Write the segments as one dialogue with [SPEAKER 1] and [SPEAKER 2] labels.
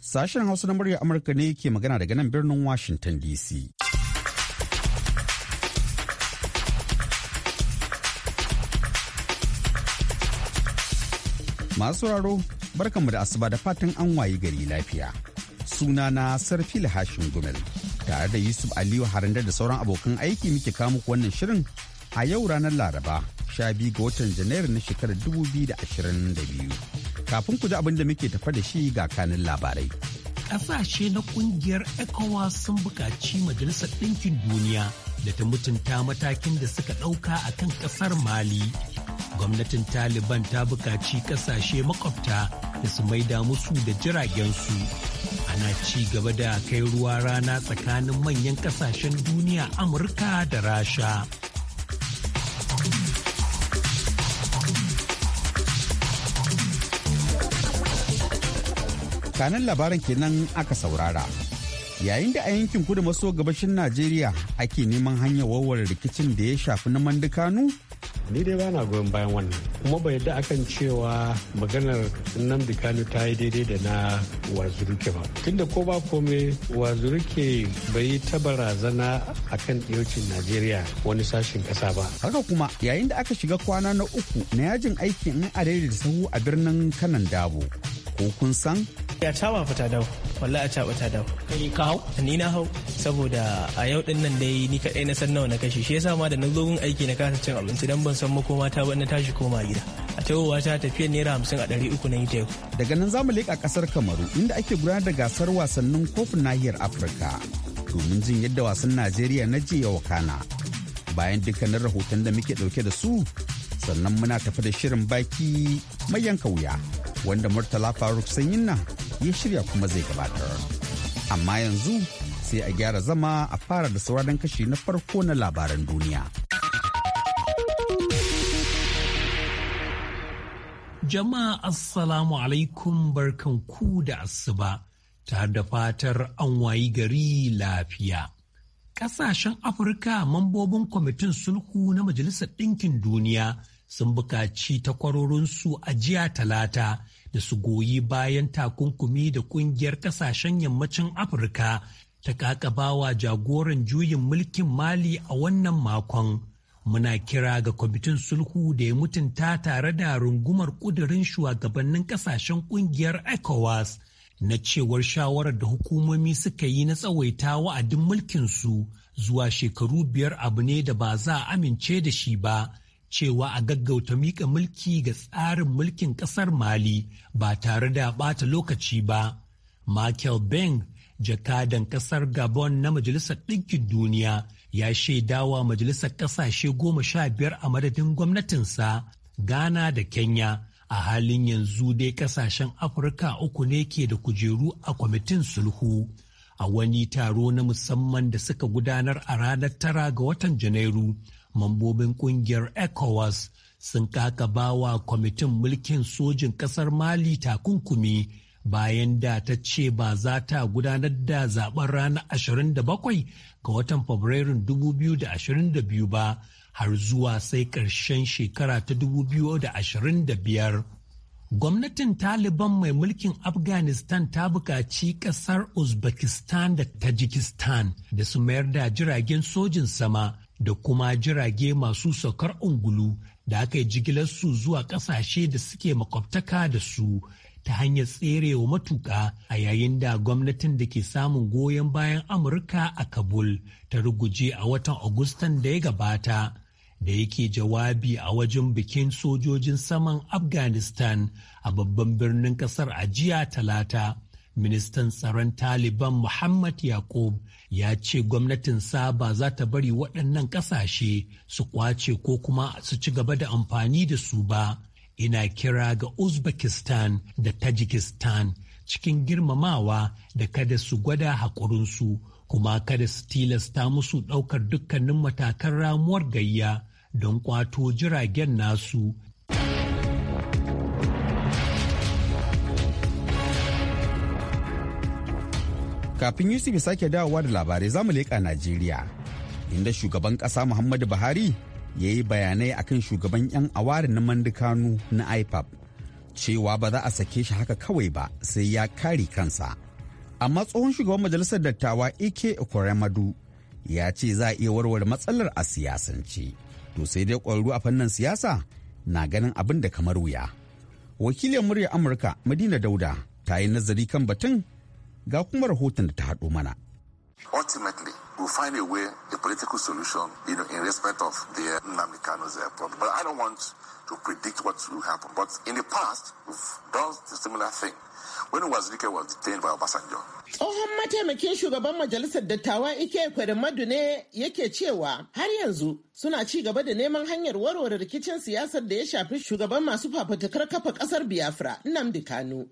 [SPEAKER 1] Sashen Hausa na murya Amurka ne ke magana daga nan birnin Washington DC. Masu raro, barkanmu da asuba da fatan an wayi gari lafiya. Sunana Sarfil Hashin Gumel. tare da Yusuf Aliyu Harandar da sauran abokan aiki muke kawo muku wannan shirin a yau ranar Laraba sha biyu ga watan Janairu na shekarar 2022. Kafin ku ji abin da muke tafa da shi ga kanin labarai.
[SPEAKER 2] Ƙasashe na ƙungiyar ECOWAS sun buƙaci Majalisar Ɗinkin Duniya da ta mutunta matakin da suka ɗauka a kan ƙasar Mali. Gwamnatin Taliban ta buƙaci ƙasashe makwabta da su maida musu da jiragen su. ana ci gaba da kai ruwa rana tsakanin manyan kasashen duniya amurka da rasha
[SPEAKER 1] kanan labaran kenan aka saurara yayin da a yankin kudu maso gabashin najeriya ake neman hanyar warware rikicin da ya shafi na mandukanu
[SPEAKER 3] ni dai bana goyon bayan wannan kuma bai da akan cewa maganar da Kanu ta yi daidai da na Wazuruke ba. Tunda ko ba kome Wazuruke bai yi ta barazana kan ɗiyocin Najeriya wani sashen ƙasa ba. Haka kuma yayin
[SPEAKER 1] da aka shiga kwana na uku na yajin aikin in a da sahu a birnin Kanan Dabo.
[SPEAKER 4] Ko kun san ya caba fa ta dawo wallahi a caba ta dawo kai ka hau ni na
[SPEAKER 5] hau saboda a yau din nan dai ni kadai na san nawa na kashe shi yasa ma da na aiki na kasa cin abinci dan ban san makoma ta ba na tashi koma gida a tawowa ta tafiya naira hamsin a ɗari uku na yi ta yau daga nan
[SPEAKER 1] zamu leƙa ƙasar kamaru inda ake gudanar da gasar wasannin kofin nahiyar afirka domin jin yadda wasan najeriya na jiya kana bayan dukkanin rahoton da muke ɗauke da su sannan muna tafi da shirin baki mai yanka wuya wanda murtala faruk sanyin nan ya shirya kuma zai gabatar. Amma yanzu sai a gyara zama a fara da sauran kashi na farko na labaran duniya.
[SPEAKER 2] Jama'a Assalamu alaikum barkan ku da asuba ta da fatar an wayi gari lafiya. Ƙasashen Afirka mambobin kwamitin sulhu na Majalisar Ɗinkin Duniya sun buƙaci takwarorinsu a jiya talata da su goyi bayan takunkumi da kungiyar kasashen yammacin afirka ta kakabawa jagoran juyin mulkin mali a wannan makon muna kira ga kwamitin sulhu da ya mutunta tare da rungumar kudurin shugabannin kasashen kungiyar ecowas na cewar shawarar da hukumomi suka yi na tsawaita wa'adin mulkinsu zuwa shekaru biyar abu ne da ba za a amince da shi ba cewa a gaggauta miƙa mulki ga tsarin mulkin ƙasar Mali ba tare da ɓata lokaci ba. Michael Beng, jakadan ƙasar Gabon na Majalisar Ɗinkin Duniya, ya shaidawa Majalisar Ƙasashe goma sha biyar a madadin gwamnatinsa Ghana da Kenya. A halin yanzu dai ƙasashen Afirka uku ne ke da kujeru a kwamitin sulhu. A wani taro na musamman da suka gudanar a ranar tara ga watan Janairu. mambobin kungiyar ECOWAS sun kaka bawa kwamitin mulkin sojin ƙasar Mali takunkumi bayan da ta ce ba za ta gudanar da zaben ranar 27 ga watan Fabrairun 2022 ba har zuwa sai ƙarshen shekara ta 2025. Gwamnatin Taliban mai mulkin Afghanistan ta buƙaci ƙasar Uzbekistan da Tajikistan da su mayar da jiragen sojin sama da kuma jirage masu saukar ungulu da aka yi su zuwa ƙasashe da suke makwabtaka da su ta hanyar tserewa matuƙa a yayin da gwamnatin da ke samun goyon bayan amurka a kabul ta ruguje a watan agustan da ya gabata da yake jawabi a wajen bikin sojojin saman afghanistan a babban birnin ƙasar ajiya talata ministan tsaron taliban muhammad yakub ya ce gwamnatinsa ba za ta bari waɗannan ƙasashe su kwace ko kuma su ci gaba da amfani da su ba ina kira ga uzbekistan da tajikistan cikin girmamawa da kada su gwada haƙurinsu kuma kada su tilasta musu ɗaukar dukkanin matakan ramuwar gayya don kwato jiragen nasu
[SPEAKER 1] Kafin Yusuf ya sake dawowa da labarai za zamu leƙa Najeriya, inda shugaban ƙasa Muhammadu Buhari ya yi bayanai akan shugaban 'yan awari na mandukanu na IPAP cewa ba za a sake shi haka kawai ba sai ya kare kansa. Amma tsohon shugaban majalisar dattawa Ike Okoremadu ya ce za a iya warware matsalar a siyasance. To sai dai ƙwararru a fannin siyasa na ganin abin da kamar wuya. Wakilin murya Amurka Madina Dauda ta yi nazari kan batun ga kuma rahoton da ta haɗo mana.
[SPEAKER 5] Ultimately, we'll find a way, a political solution, you know, in respect of the Nnamdi Kano's problem. But
[SPEAKER 6] I don't want to predict what will happen. But in the past, we've done a similar thing. When Wazirike was detained by Obasanjo.
[SPEAKER 4] Tsohon mataimakin shugaban majalisar dattawa Ike Kweremadu ne yake cewa har yanzu suna ci gaba da neman hanyar warware rikicin siyasar da ya shafi shugaban masu fafatakar kafa kasar Biafra Nnamdi Kanu.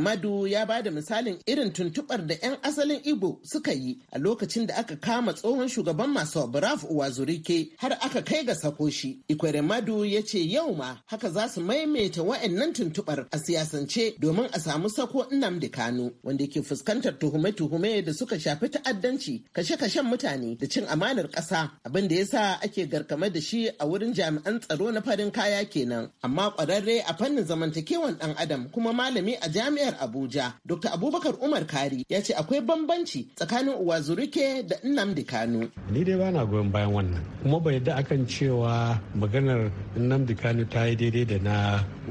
[SPEAKER 4] Madu ya ba da misalin irin tuntubar da 'yan asalin Igbo suka yi a lokacin da aka kama tsohon shugaban masu Obraf Uwazurike har aka kai ga sakoshi. Madu ya ce yau koma haka za su maimaita wa'annan tuntubar a siyasance domin a samu sako Nnamdi Kano wanda ke fuskantar tuhume-tuhume da suka shafi ta'addanci kashe-kashen mutane da cin amanar ƙasa abin da yasa ake garkame da shi a wurin jami'an tsaro na farin kaya kenan amma ƙwararre a fannin zamantakewan ɗan adam kuma malami a jami'ar Abuja Dr. Abubakar Umar Kari ya ce akwai bambanci tsakanin Uwazurike da
[SPEAKER 3] Nnamdi Kano. Ni dai bana goyon bayan wannan kuma bai da akan cewa maganar Nnamdi Kano ta yi daidai da na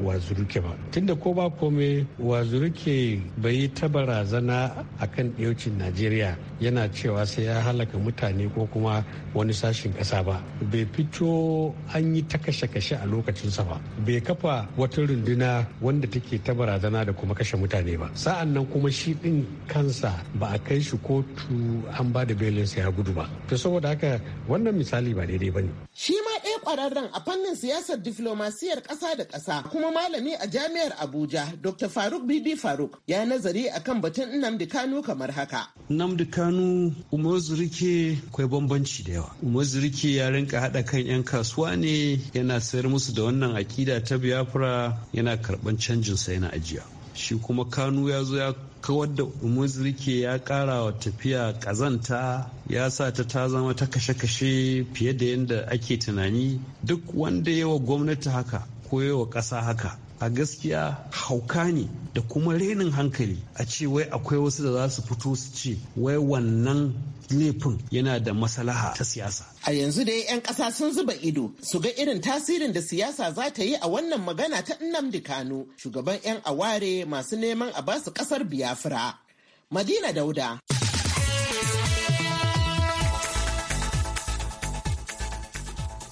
[SPEAKER 3] wazuruke ba tunda ko ba kome wazuruke bai yi ta barazana akan ɗaucin najeriya yana cewa sai ya halaka mutane ko kuma wani sashen ƙasa ba bai fito an yi ta kashe-kashe a lokacinsa ba bai kafa wata runduna wanda take ta barazana da kuma kashe mutane ba sa'an nan kuma shi ɗin kansa ba a kai shi kotu an ba da belinsa ya gudu ba to saboda haka wannan misali ba daidai ba ne
[SPEAKER 4] shi ma ɗaya ƙwararren a fannin siyasar difloma diflomasiyar ƙasa da ƙasa kuma malami a jami'ar Abuja Dr. Faruk Bibi Faruk ya nazari akan batun Nnamdi Kanu kamar haka.
[SPEAKER 3] Nnamdi Kanu Umar Zurike akwai bambanci da yawa. Umar Zurike ya rinka haɗa kan 'yan kasuwa ne yana sayar musu da wannan akida ta Biafra yana karɓan canjin sa yana ajiya. Shi kuma Kanu ya zo ya kawar da umuzirke ya kara wa tafiya kazanta ya sa ta ta zama ta kashe-kashe fiye da yadda ake tunani duk wanda yawa gwamnati haka wa ƙasa haka a gaskiya hauka ne da kuma renin hankali a ce wai akwai wasu da za su fito su ce wai wannan laifin yana da masalaha ta siyasa.
[SPEAKER 4] A yanzu dai 'yan ƙasa sun zuba ido su ga irin tasirin da siyasa za ta yi a wannan magana ta Nnamdi Kanu, shugaban 'yan aware masu neman a basu ƙasar biyafra Madina Dauda.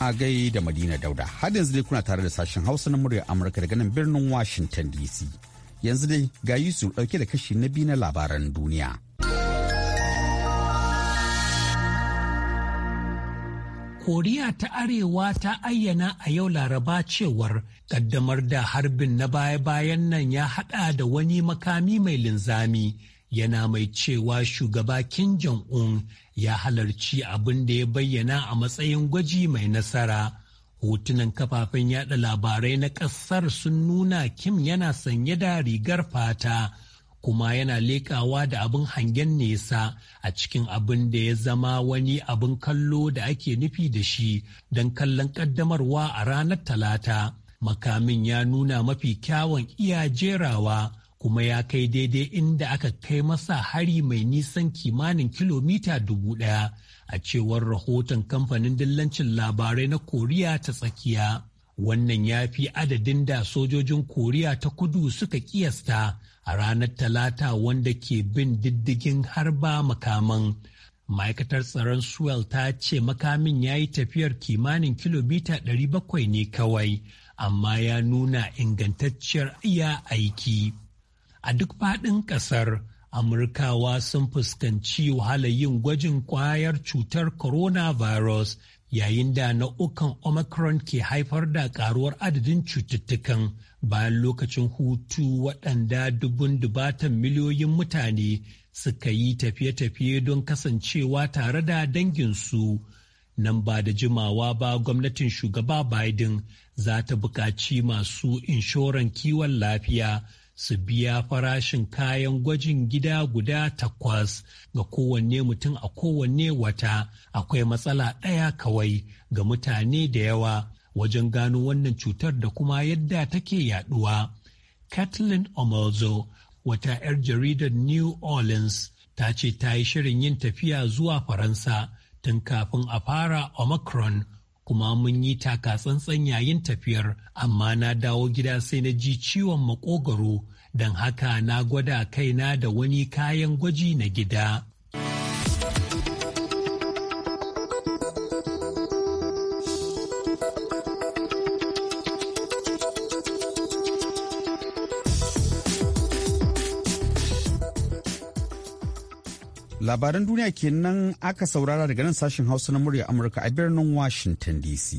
[SPEAKER 1] agai da Madina Dauda. Har yanzu dai kuna tare da sashen Hausa na murya Amurka daga nan birnin Washington DC. Yanzu dai ga Yusuf ɗauke da kashi na biyu na labaran duniya.
[SPEAKER 2] Koriya ta Arewa ta ayyana a yau Laraba cewar ƙaddamar da harbin na baya-bayan nan ya haɗa da wani makami mai linzami. yana mai cewa shugaba Kim Jong-un ya halarci abin da ya bayyana a matsayin gwaji mai nasara. Hotunan kafafen yada labarai na ƙasar sun nuna Kim yana sanye da rigar fata kuma yana leƙawa da abin hangen nesa a cikin abin da ya zama wani abin kallo da ake nufi da shi don kallon ƙaddamarwa a ranar talata. Makamin ya nuna mafi kyawun iya jerawa. kuma ya kai daidai inda aka kai masa hari mai nisan kimanin kilomita dubu ɗaya a cewar rahoton kamfanin dillancin labarai na koriya ta tsakiya wannan ya fi adadin da sojojin koriya ta kudu suka kiyasta a ranar talata wanda ke bin diddigin harba makaman ma'aikatar tsaron swell ta ce makamin ya yi tafiyar kimanin kilomita 700 ne kawai amma ya nuna ingantacciyar iya aiki a duk faɗin ƙasar amurkawa sun fuskanci wahalar yin gwajin ƙwayar cutar coronavirus yayin da nau'ukan omicron ke haifar da ƙaruwar adadin cututtukan bayan lokacin hutu waɗanda dubun dubatan miliyoyin mutane suka yi tafiye-tafiye don kasancewa tare da danginsu. nan ba da jimawa ba gwamnatin shugaba Biden za ta buƙaci masu inshoran kiwon lafiya su biya farashin kayan gwajin gida guda takwas ga kowanne mutum a kowanne wata akwai matsala ɗaya kawai ga mutane da yawa wajen gano wannan cutar da kuma yadda take yaduwa. Kathleen Omozo wata 'yar jaridar New Orleans, ta ce ta yi shirin yin tafiya zuwa Faransa tun kafin a fara Omicron kuma mun yi taka tsantsan yayin tafiyar amma na dawo gida sai na ji ciwon makogaro don haka na gwada kaina da wani kayan gwaji na gida
[SPEAKER 1] labaran duniya kenan aka saurara daga nan sashen hausa na murya amurka a birnin washington dc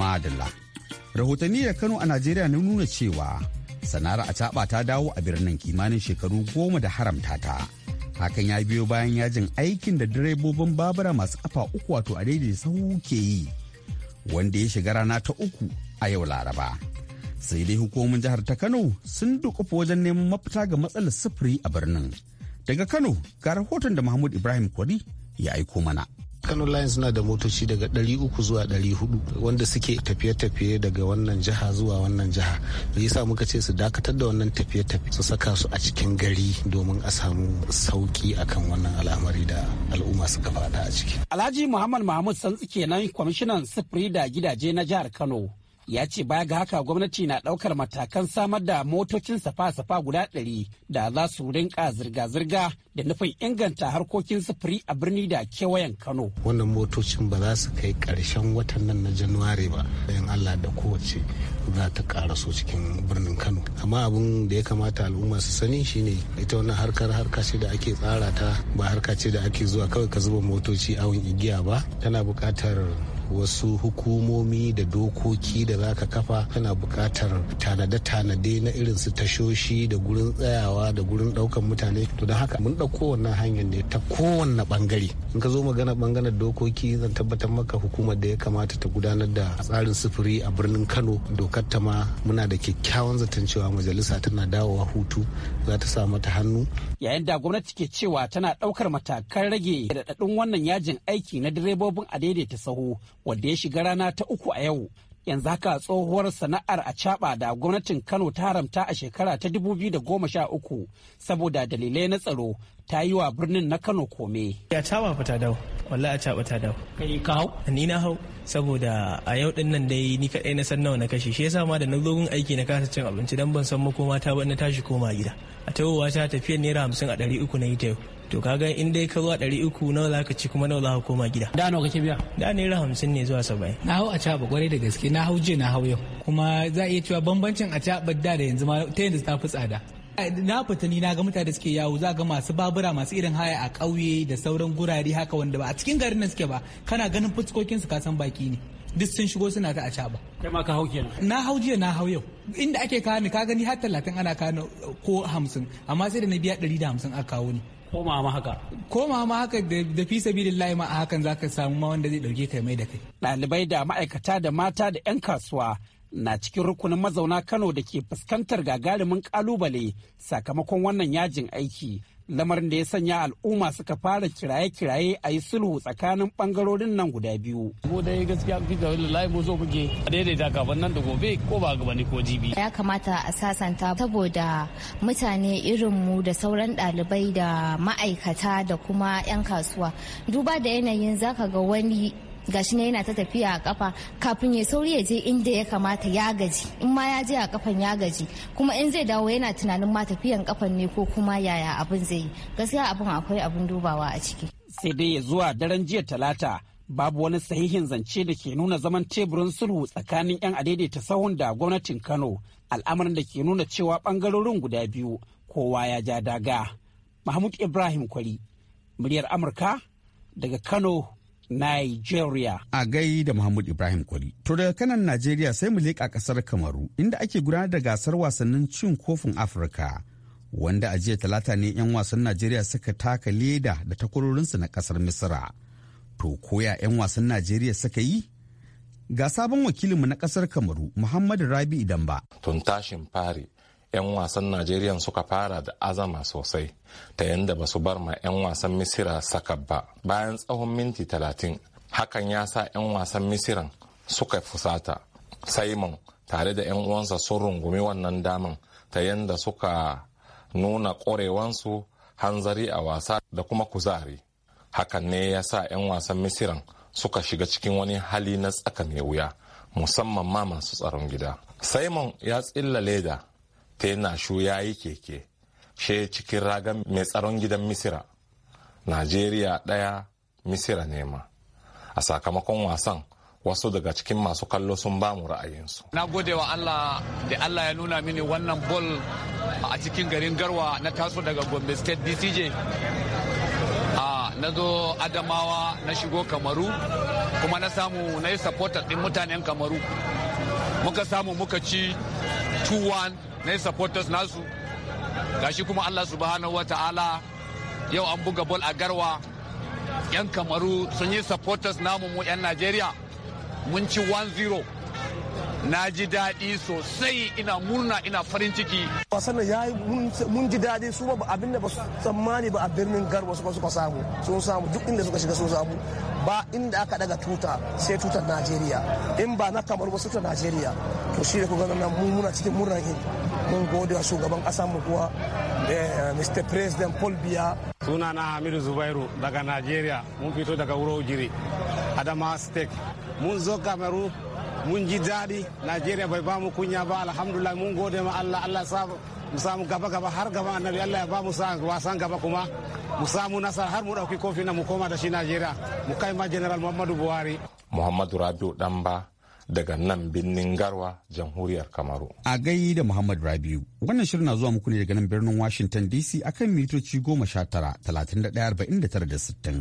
[SPEAKER 1] madala rahotanni da kano a najeriya na nuna cewa sana'ar a ta dawo a birnin kimanin shekaru goma da haramta ta hakan ya biyo bayan yajin aikin da direbobin babura masu kafa uku wato a daidai sahu ke yi wanda ya shiga rana ta uku a yau laraba sai dai hukumomin jihar ta kano sun dukufa wajen neman mafita ga matsalar sufuri
[SPEAKER 7] a birnin daga kano ga rahoton da mahmud ibrahim kwari ya aiko mana kano lines na da motoci daga 300 zuwa 400 wanda suke tafiye-tafiye daga wannan jiha zuwa wannan jiha yasa muka ce su dakatar da wannan tafiye-tafiye su saka su a cikin gari domin a samu sauki akan wannan al'amari da al'umma suka fada a ciki
[SPEAKER 8] alhaji muhammad mahmud santsi kenan kwamishinan sufuri da gidaje na jihar kano ya ce baya ga haka gwamnati na ɗaukar matakan samar da motocin safa-safa guda ɗari da za su rinka zirga-zirga da nufin inganta harkokin sufuri a birni da kewayen
[SPEAKER 7] kano wannan motocin ba za su kai ƙarshen watan nan na januwari ba bayan allah da kowace za ta so cikin birnin kano amma abin da ya kamata al'umma su sani shine ita wannan harkar harka ce da ake tsara ta ba harka ce da ake zuwa kawai ka zuba motoci awon igiya ba tana buƙatar wasu hukumomi da dokoki da za ka kafa kana bukatar tanade-tanade na irin su tashoshi da gurin tsayawa da gurin daukan mutane to don haka mun ɗauko wannan hanyar ne ta kowanne bangare in ka zo magana bangaren dokoki zan tabbatar maka hukumar da ya kamata ta gudanar da tsarin sufuri a birnin kano dokar ta ma muna da kyakkyawan zaton cewa majalisa tana dawowa hutu za ta sa mata hannu
[SPEAKER 8] yayin da gwamnati ke cewa tana daukar matakan rage raɗaɗin wannan yajin aiki na direbobin a daidaita sahu wanda ya shiga rana ta uku a yau yanzu haka tsohuwar sana'ar a caba da gwamnatin kano ta haramta a shekara ta 2013 saboda dalilai na tsaro ta yi wa birnin na kano kome
[SPEAKER 4] ya caba fata dau wallahi a caba ta
[SPEAKER 6] dau
[SPEAKER 5] kai ka hau ni na hau saboda a yau din nan dai ni kadai na san nawa na kashe shi yasa ma da na zo aiki na kasa cin abinci dan ban san makoma ta ba na tashi koma gida a tawowa ta tafiyar naira hamsin a ɗari uku na yi ta yau to kaga in dai ka zuwa ɗari uku nawa za ka ci kuma nawa za ka koma gida da nawa kake biya da naira hamsin ne zuwa saba'in na hau a caba kwarai da gaske na hau jiya na hau yau kuma za a iya cewa bambancin a caba da da yanzu ma ta yanzu ta fi tsada na fita ni na ga mutane suke yawo za ga masu babura masu irin haya a ƙauye da sauran gurare haka wanda ba a cikin garin nan suke ba kana ganin fuskokin su ka san baki ne duk sun shigo suna ta a caba
[SPEAKER 2] kai ma ka hau kenan
[SPEAKER 5] na hau jiya na hau yau inda ake kawo ni ka gani har talatin ana kawo ko hamsin amma sai da na biya ɗari da hamsin aka kawo ni koma ma haka koma ma haka da fi sabilillahi ma a hakan zaka
[SPEAKER 8] samu ma wanda zai dauke kai mai da kai ɗalibai da ma'aikata da mata da 'yan kasuwa na cikin rukunin mazauna Kano da ke fuskantar gagarumin kalubale sakamakon wannan yajin aiki lamarin da ya sanya al'umma suka fara kiraye-kiraye a yi sulhu tsakanin bangarorin nan guda biyu. Mu dai gaskiya kuke da wallahi mu so muke daidaita kafin nan da gobe ko ba gaba ne ko jibi.
[SPEAKER 9] Ya kamata a sasanta saboda mutane irin mu da sauran ɗalibai da ma'aikata da kuma 'yan kasuwa. Duba da yanayin zaka ga wani gashi ne yana ta tafiya a kafa kafin ya sauri ya je inda ya kamata ya gaji in ma ya je a kafan ya gaji kuma in zai dawo yana tunanin ma tafiyan kafan ne ko kuma yaya abin zai yi gaskiya abin akwai abin dubawa a ciki
[SPEAKER 8] sai dai ya zuwa daren jiya talata babu wani sahihin zance da ke nuna zaman teburin sulhu tsakanin 'yan adaidaita sahun da gwamnatin kano al'amarin da ke nuna cewa bangarorin guda biyu kowa ya ja daga mahmud ibrahim kwari muryar amurka daga kano Nigeria. A gai
[SPEAKER 1] da Muhammad Ibrahim Kwari. To daga kanan Najeriya sai mu leƙa ƙasar Kamaru inda ake gudanar da gasar wasannin cin kofin Afirka. Wanda a jiya talata ne 'yan wasan Najeriya suka taka leda da takwarorinsu na ƙasar Misira. To koya 'yan wasan Najeriya suka yi? Ga sabon wakilinmu na ƙasar Kamaru, Muhammadu
[SPEAKER 6] Rabi idanba. Tun tashin fari 'yan wasan najeriya suka fara da azama sosai ta yadda ba su bar ma 'yan wasan misira saka ba bayan tsawon minti talatin hakan ya sa 'yan wasan misiran suka fusata simon tare da 'yan uwansa sun rungumi wannan daman ta yadda suka nuna korewansu hanzari a wasa da kuma kuzari hakan ne ya sa 'yan wasan misiran suka shiga cikin wani hali na tsaka mai wuya musamman ma masu tsaron gida simon ya tsilla leda tenashu ya yi keke she cikin ragan mai tsaron gidan misira najeriya ɗaya misira nema a sakamakon wasan wasu daga cikin masu kallo sun ba mu ra'ayinsu.
[SPEAKER 7] Na gode wa
[SPEAKER 5] Allah da Allah ya nuna mini wannan bol a cikin garin Garwa na taso daga Gombe State DCJ. na zo Adamawa na shigo Kamaru kuma na samu na yi supporter ɗin mutanen Kamaru. Muka samu muka ci 2-1 na yi supporters nasu gashi kuma allah subhanahu wata'ala yau an buga bol a garwa yan kamaru sun yi supporters namu mu yan najeriya mun ci 1-0 na ji daɗi
[SPEAKER 3] sosai ina murna ina farin ciki
[SPEAKER 5] wasan ya mun ji daɗi su ba abin da ba su tsammani ba a birnin garba su suka samu sun samu duk inda suka shiga sun samu ba inda aka daga tuta sai tutar najeriya in ba na kamar wasu ta najeriya to shi da kuka nan mun muna cikin murna mun gode wa shugaban ƙasa mu kuwa eh, mr
[SPEAKER 7] president paul biya sunana hamidu zubairu daga najeriya mun fito daga wuro jiri adama state mun zo kamaru mun ji daɗi najeriya bai bamu kunya ba alhamdulillah mun gode ma allah allah sa mu samu gaba gaba har gaba annabi allah ya bamu mu wasan gaba kuma mu samu nasara har mu ɗauki kofi na mu koma da shi najeriya mu kai ma general
[SPEAKER 6] muhammadu buhari muhammadu rabiu damba daga nan birnin garwa jamhuriyar kamaru
[SPEAKER 1] a gai da muhammad rabiu wannan shirin na zuwa muku ne daga nan birnin washington dc akan mitoci goma sha tara talatin da ɗaya arba'in da tara da sittin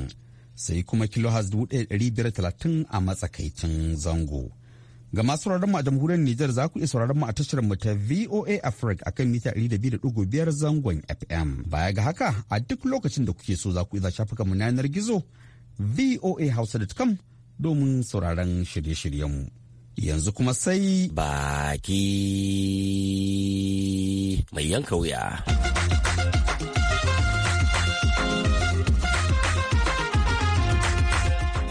[SPEAKER 1] sai kuma kilohaz dubu ɗaya ɗari biyar talatin a matsakaicin zango Ga masu sauraron mu a jamhuriyar Nijar za ku iya sauraron mu a tashar mu ta VOA Africa akan mita 200.5 zangon FM. Baya ga haka a duk lokacin da kuke so za ku iya shafukan mu na yanar gizo voahausa.com domin sauraron shirye shiryen mu Yanzu kuma sai baki
[SPEAKER 9] mai yanka wuya.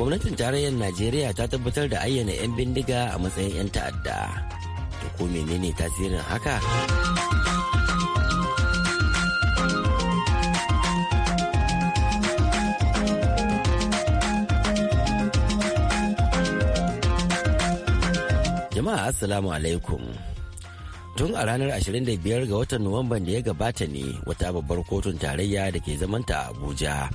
[SPEAKER 9] gwamnatin tarayyar najeriya ta tabbatar da ayyana 'yan bindiga a matsayin 'yan ta'adda da ko menene tasirin haka jama'a assalamu alaikum tun a ranar 25 ga watan nuwamban da ya gabata ne wata babbar kotun tarayya da ke zamanta abuja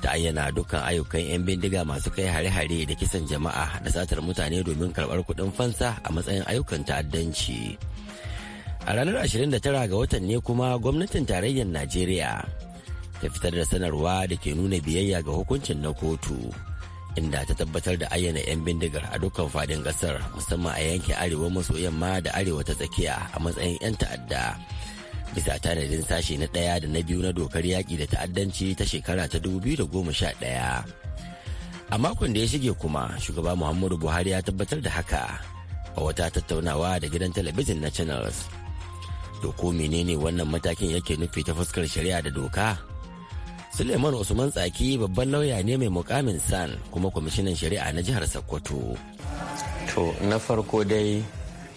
[SPEAKER 9] ta ayyana dukkan ayyukan 'yan bindiga masu kai hare-hare da kisan jama'a da satar mutane domin karɓar kuɗin fansa a matsayin ayyukan ta'addanci. A ranar 29 ga watan ne kuma gwamnatin tarayyar Najeriya ta fitar da sanarwa da ke nuna biyayya ga hukuncin na kotu inda ta tabbatar da ayyana 'yan bindigar a dukkan fadin ƙasar musamman a yankin arewa maso yamma da arewa ta tsakiya a matsayin 'yan ta'adda. bisa tanadin sashe na ɗaya da na biyu na dokar yaƙi da ta'addanci ta shekara ta 2011 a makon da ya shige kuma shugaba muhammadu buhari ya tabbatar da haka a wata tattaunawa da gidan talabijin na channels to ko menene wannan matakin yake nufi ta fuskar shari'a da doka suleiman usman tsaki babban lauya ne mai mukamin san kuma kwamishinan shari'a na jihar sokoto to na farko dai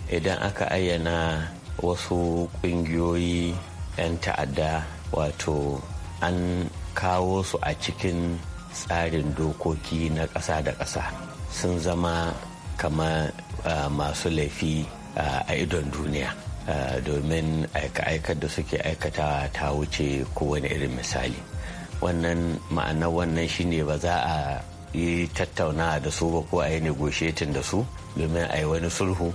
[SPEAKER 9] idan aka
[SPEAKER 10] ayyana wasu ƙungiyoyi 'yan ta'adda wato an kawo su a cikin tsarin dokoki na ƙasa da ƙasa sun zama kama masu laifi a idon duniya domin aika-aikar da suke aikatawa ta wuce kowane irin misali wannan ma'anar wannan shine ba za a yi tattaunawa da su ba ko a yi negoshetin da su domin a yi wani sulhu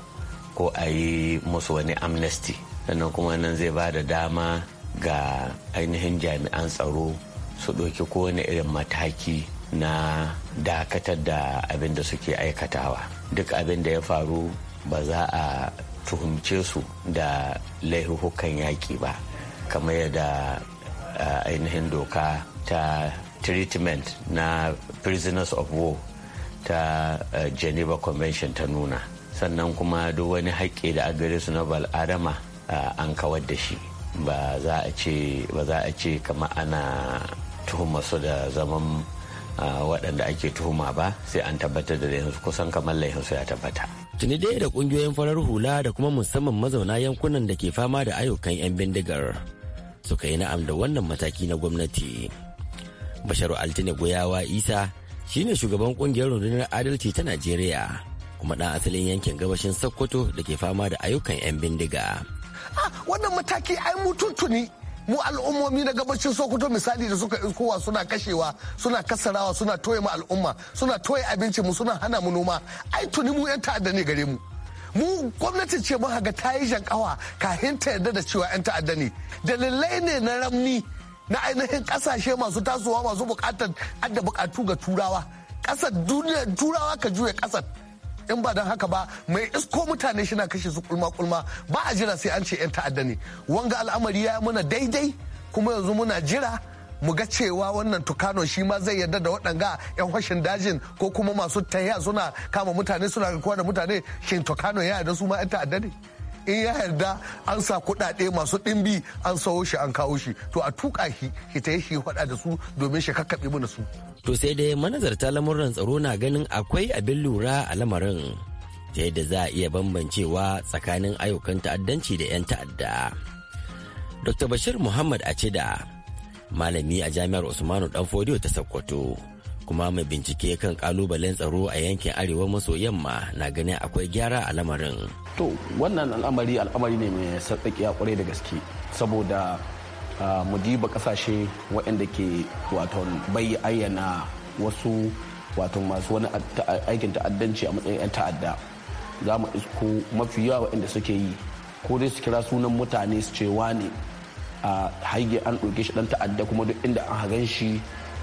[SPEAKER 10] ko a yi musu wani amnesty sannan kuma nan zai ba da dama ga ainihin jami'an tsaro su ɗauki kowane irin mataki na dakatar da abin da suke aikatawa duk abin da ya faru ba za a tuhumce su da laihuhukan yaƙi ba kamar yadda ainihin doka ta treatment na prisoners of war ta geneva convention ta nuna sannan kuma duk wani haƙƙi da agare su na bal'adama an kawar da shi ba za a ce kama ana tuhuma su da zaman waɗanda ake tuhuma ba sai an tabbatar da yanzu kusan kamar laifinsu ya tabbata.
[SPEAKER 9] tuni dai da ƙungiyoyin farar hula da kuma musamman mazauna yankunan da ke fama da ayyukan 'yan bindigar suka yi na'am da wannan mataki na gwamnati basharu altine goyawa isa shine shugaban ƙungiyar rundunar adalci ta najeriya kuma ɗan asalin yankin gabashin sokoto da ke fama da ayyukan 'yan bindiga
[SPEAKER 5] ah, wannan mataki ai mu tuntuni mu al'ummomi na gabashin sokoto misali da suka iskowa suna kashewa suna kasarawa suna toye mu al'umma suna toye abinci mu suna hana mu noma ai tuni mu yan ta'adda ne gare mu mu gwamnati ce mu haga ta yi jankawa kahin ta yarda da cewa yan ta'adda ne dalilai ne na ramni na ainihin kasashe masu tasowa masu bukatar adda bukatu ga turawa kasar duniya turawa ka juya kasar in ba don haka ba mai isko mutane shina kashe su kulma kulma ba a jira sai an ce yan ta'adda ne wanga al'amari ya muna daidai kuma yanzu muna jira mu ga cewa wannan tukano shi ma zai yarda da waɗanga 'yan hoshin dajin ko kuma masu tahiya suna kama mutane suna kowa da mutane shin tukano ya yarda su ma 'yan ta'adda ne in ya yarda an sa kuɗaɗe masu ɗimbi an sawo shi an kawo shi to a tuka shi shi ta shi faɗa da su domin shi kakkaɓe mana su.
[SPEAKER 9] To sai dai manazarta lamuran tsaro na ganin akwai abin lura a lamarin ta yadda za a iya bambancewa tsakanin ayyukan ta'addanci da 'yan ta'adda. Dr. Bashir Muhammad Acida malami a jami'ar Usmanu Danfodiyo ta Sokoto. kuma mai bincike kan kalubalen tsaro a yankin arewa maso yamma na ganin akwai gyara a lamarin
[SPEAKER 5] to wannan al'amari al'amari ne mai a kwarai da gaske saboda mu ba ƙasashe waɗanda ke wato bai ayyana wasu wato masu wani aikin ta'addanci a matsayin 'yan ta'adda za mu isko mafi yawa waɗanda suke yi ko dai su kira sunan mutane su ce wane a haige an ɗauke shi ɗan ta'adda kuma duk inda an hagan shi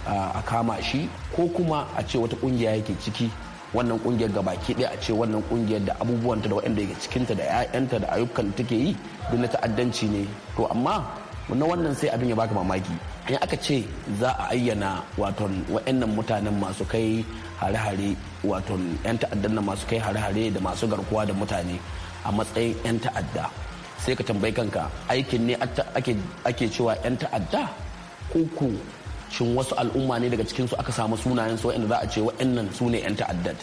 [SPEAKER 5] a kama shi ko kuma a ce wata kungiya yake ciki wannan kungiyar ga baki ɗaya a ce wannan kungiyar da abubuwanta da waɗanda yake cikinta da 'ya'yanta da ayyukan da take yi duk na ta'addanci ne to amma na wannan sai abin ya baka mamaki in aka ce za a ayyana waton wa'annan mutanen masu kai hare-hare waton 'yan ta'addan na masu kai hare-hare da masu garkuwa da mutane a matsayin 'yan ta'adda sai ka tambayi kanka aikin ne ake cewa 'yan ta'adda ko shin wasu al'umma ne daga cikinsu aka samu sunayen su wa'anda za a ce waɗannan su ne 'yan ta'addad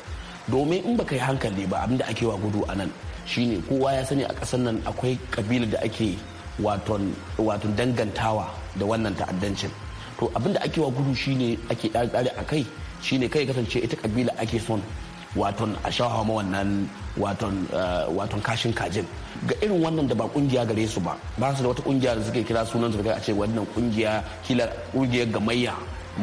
[SPEAKER 5] domin in baka yi hankali ba abinda ake wa gudu a nan shine kowa ya sani a ƙasar nan akwai ƙabila da ake waton dangantawa da wannan ta'addancin to abinda ake wa gudu shine ake ɗari a kai shine kai kasance ita ƙabila ake son waton a shawa ma wannan eh, waton kashin kajin ga irin wannan da ba kungiya gare su ba ba su da wata kungiya da suke kira sunan su a ce wannan kungiya kila kungiyar gamayya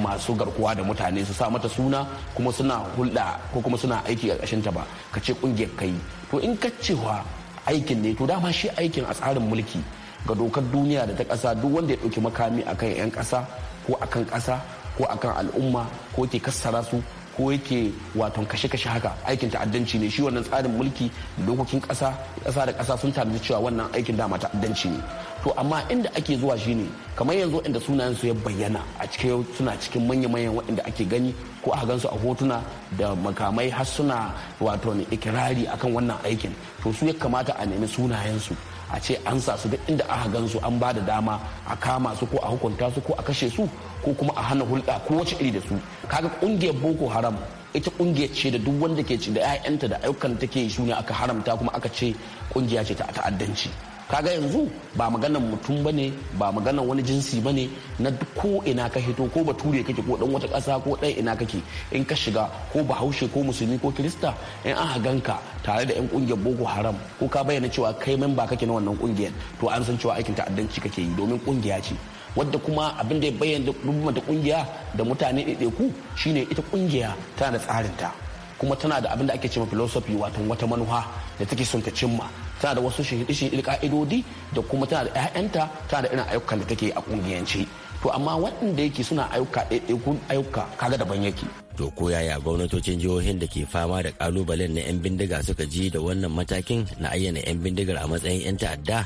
[SPEAKER 5] masu garkuwa da mutane su sa mata suna kuma suna hulɗa ko kuma suna aiki a ƙashinta ba ka ce kungiyar kai to in ka cewa aikin ne to dama shi aikin a tsarin mulki ga dokar duniya da ta ƙasa duk wanda ya ɗauki makami akan 'yan ƙasa ko akan ƙasa ko akan al'umma ko ke kassara su ko yake waton kashe-kashe haka aikin ta'addanci ne shi wannan tsarin mulki da dokokin kasa ƙasa da kasa sun tanadi cewa wannan aikin dama ta'addanci ne to amma inda ake zuwa shi ne kamar yanzu inda sunayen su ya bayyana a cikin suna cikin manya-manyan waɗanda ake gani ko a gansu a hotuna da makamai har suna wato ikirari akan wannan aikin to su ya kamata a nemi sunayen su a ce an sa su duk inda aka gansu an ba da dama a kama su ko a hukunta su ko a kashe su ko kuma a hana hulɗa ko wace iri da su kaga kungiyar boko haram ita kungiyar ce da duk wanda ke ci da 'ya'yanta da ayyukan take shi ne aka haramta kuma aka ce kungiya ce ta ta'addanci kaga yanzu ba maganan mutum bane ba maganar wani jinsi ba ne na ko ina ka hito ko bature kake ko dan wata ƙasa ko dan ina kake in ka shiga ko bahaushe ko musulmi ko kirista in an haganka tare da yan ƙungiyar boko haram ko ka bayyana cewa kai memba kake na wannan kungiyar to an san cewa aikin ta'addanci kake yi domin kungiya ce wadda kuma abin da ya bayyana da kungiya da mutane ɗaiɗaiku shine ita ƙungiya tana da tsarinta kuma tana da abin da ake cewa philosophy wato wata manuha da take son ta cimma tana da wasu shirye-shirye ka'idodi da kuma tana da 'ya'yanta tana da irin ayyukan da take a kungiyance to amma waɗanda yake suna ayyuka ɗaiɗaikun ayyuka kaga daban yake
[SPEAKER 9] to ko yaya gwamnatocin jihohin da ke fama da kalubalen na 'yan bindiga suka ji da wannan matakin na ayyana 'yan bindigar a matsayin 'yan ta'adda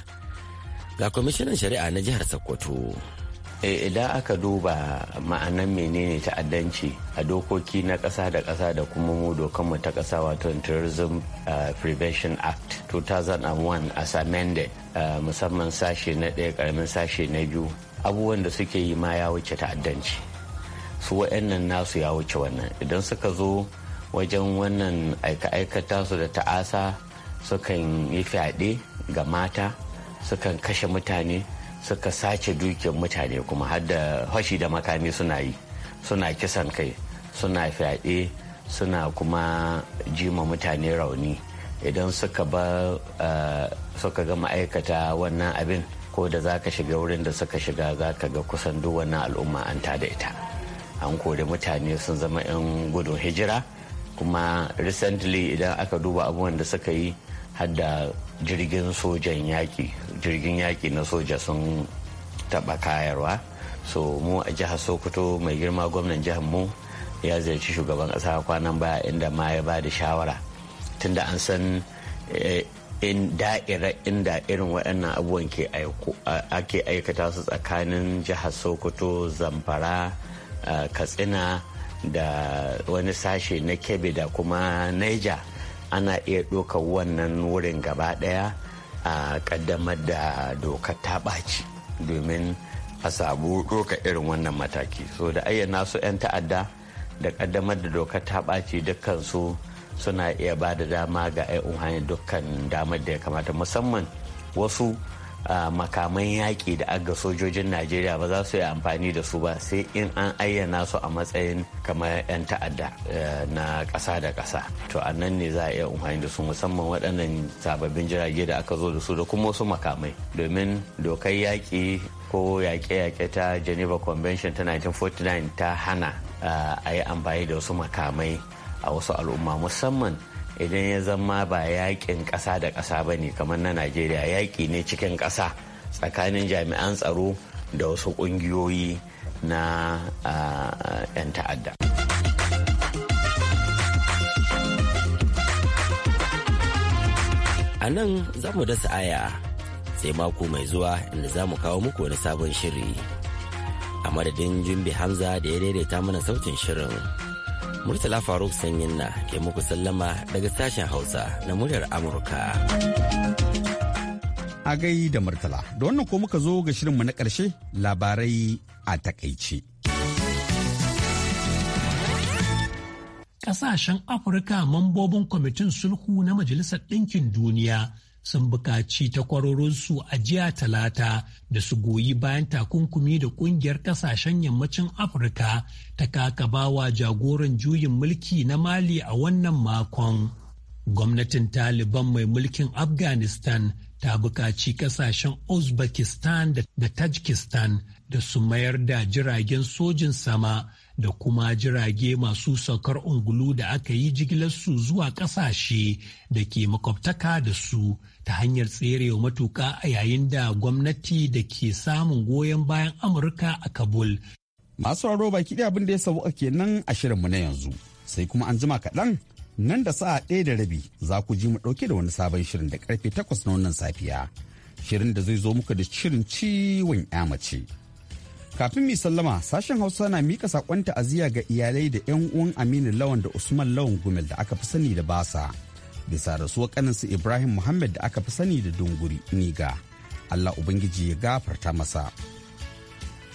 [SPEAKER 9] ga kwamishinan shari'a na jihar sokoto Eh, idan
[SPEAKER 10] aka duba ma'anan menene ta'addanci a dokoki na ƙasa da kasa da kuma mu dokanmu ta kasa wato terrorism uh, prevention act 2001 as amended uh, musamman sashe na ɗaya ƙaramin sashe na biyu abubuwan da suke yi ma ya wuce ta'addanci su wa'annan nasu ya wuce wannan idan suka zo wajen wannan aika-aikata su da ta'asa sukan yi fyaɗe ga mata sukan kashe mutane suka sace dukiyar mutane kuma har da hashi da makami suna yi suna kisan kai suna fyaɗe suna kuma jima mutane rauni idan suka ba eh, suka ga ma'aikata wannan abin ko da za ka shiga wurin da suka shiga za ka ga kusan duk wannan al'umma an da ita an kori mutane sun zama 'yan gudun hijira kuma recently idan aka duba abubuwan da suka yi hadda jirgin sojan yaƙi jirgin yaƙi na soja sun taɓa kayarwa so mu a jihar sokoto mai girma gwamnan jihar mu ya ziyarci shugaban ƙasa kwanan baya inda ma ya ba da shawara tunda an san eh, in da'ira inda irin waɗannan abubuwan ake aikata su tsakanin jihar sokoto zamfara eh, katsina da wani sashe na kebe da kuma niger ana iya ɗaukar wannan wurin gaba ɗaya a ƙaddamar da dokar ta ɓaci domin a sabu ɗoka irin wannan mataki so da ayyana su 'yan ta'adda da ƙaddamar da dokar ta ɓaci dukkan suna iya ba da dama ga 'yan hanyar dukkan damar da ya kamata musamman wasu makaman yaƙi da aga sojojin najeriya ba za su yi amfani da su ba sai in an ayyana su a matsayin kamar 'yan ta'adda e, na ƙasa da ƙasa to a nan ne za a iya amfani da su musamman waɗannan sababbin jirage da aka zo da su da kuma wasu makamai domin dokar yaƙi ko yaƙe-yaƙe ta geneva convention ta 1949 ta hana e, a yi amfani da wasu makamai a wasu al'umma musamman idan ya zama ba yakin ƙasa da ƙasa ba ne kamar na najeriya yaƙi ne cikin ƙasa tsakanin jami'an tsaro da wasu ƙungiyoyi na 'yan ta'adda
[SPEAKER 9] a nan za mu dasa aya sai mako mai zuwa inda za mu kawo muku wani sabon shiri a madadin jumbi hamza da ya daidaita mana sautin shirin Murtala Faruk Sanyin na ke muku sallama daga sashen Hausa na muryar Amurka.
[SPEAKER 1] A gai da Murtala, da wannan ko muka zo ga shirinmu na ƙarshe labarai a takaice.
[SPEAKER 2] Ƙasashen Afirka mambobin kwamitin sulhu na Majalisar Ɗinkin Duniya sun buƙaci takwarorinsu a jiya talata da su goyi bayan takunkumi da ƙungiyar ƙasashen yammacin afirka ta kakabawa jagoran juyin mulki na mali a wannan makon gwamnatin taliban mai mulkin afghanistan ta buƙaci ƙasashen uzbekistan da tajikistan da su mayar da jiragen sojin sama da kuma jirage masu saukar ungulu da aka yi jigilarsu zuwa ƙasashe da ke makwabtaka da su ta hanyar tserewa matuƙa a yayin da gwamnati da ke samun goyon bayan amurka a kabul masu raro
[SPEAKER 1] baki ɗaya abin da ya sauka nan a shirinmu na yanzu sai kuma an jima kaɗan nan da sa'a ɗaya da rabi za ku ji mu ɗauke da wani sabon shirin da ƙarfe takwas na wannan safiya shirin da zai zo muka da shirin ciwon ya mace Kafin mai sallama sashen Hausa na mika sakon ta'aziyya ga iyalai da 'yan uwan Aminu Lawan da Usman Lawan Gumel da aka fi sani da Basa. Bisa rasuwa kaninsu Ibrahim Muhammad da aka fi sani da Dunguri Niga. Allah Ubangiji ya gafarta masa.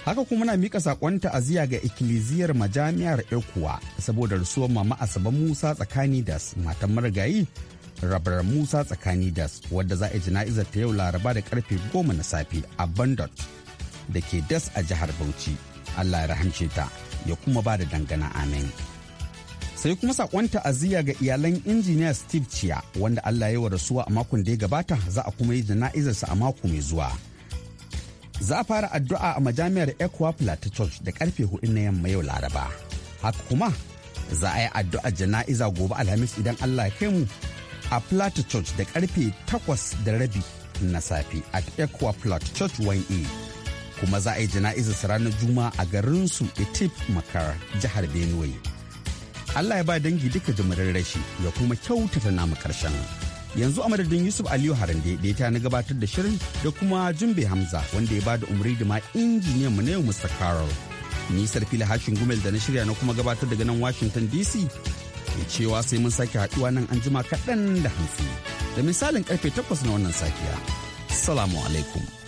[SPEAKER 1] Haka kuma na mika sakon ta'aziyya ga ikkiliziyar majami'ar Ekuwa saboda rasuwar mama Asaba Musa tsakani das matan marigayi rabar Musa tsakani das wadda za a ji na'izar ta yau laraba da karfe goma na safe a Bandot. da ke das a jihar Bauchi. Allah ya rahamce ta ya kuma ba da dangana amin. Sai kuma sakon ta'aziyya ga iyalan injiniya Steve Chia wanda Allah ya wa rasuwa a makon da ya gabata za a kuma yi jana'izarsa a mako mai zuwa. Za a fara addu'a a majami'ar Ekwa Plateau Church da karfe hudu na yamma yau Laraba. Haka kuma za a yi addu'a jana'iza gobe Alhamis idan Allah ya kai mu a Plateau Church da karfe takwas da rabi na safe at Ekwa Plateau Church 1A. kuma za a yi su ranar juma'a a garin su Etip Makar jihar Benue. Allah ya ba dangi duka jimirin rashi ya kuma kyautata namu karshen. Yanzu a madadin Yusuf Aliyu Harande da ya na gabatar da shirin da kuma Jumbe Hamza wanda ya ba da umri da ma injiniyan mu na yau Mr. Carol. Ni Sarfila Hashin Gumel da na shirya na kuma gabatar daga nan Washington DC. Ya cewa sai mun sake haɗuwa nan an jima kaɗan da hamsin. Da misalin karfe takwas na wannan safiya. Salamu alaikum.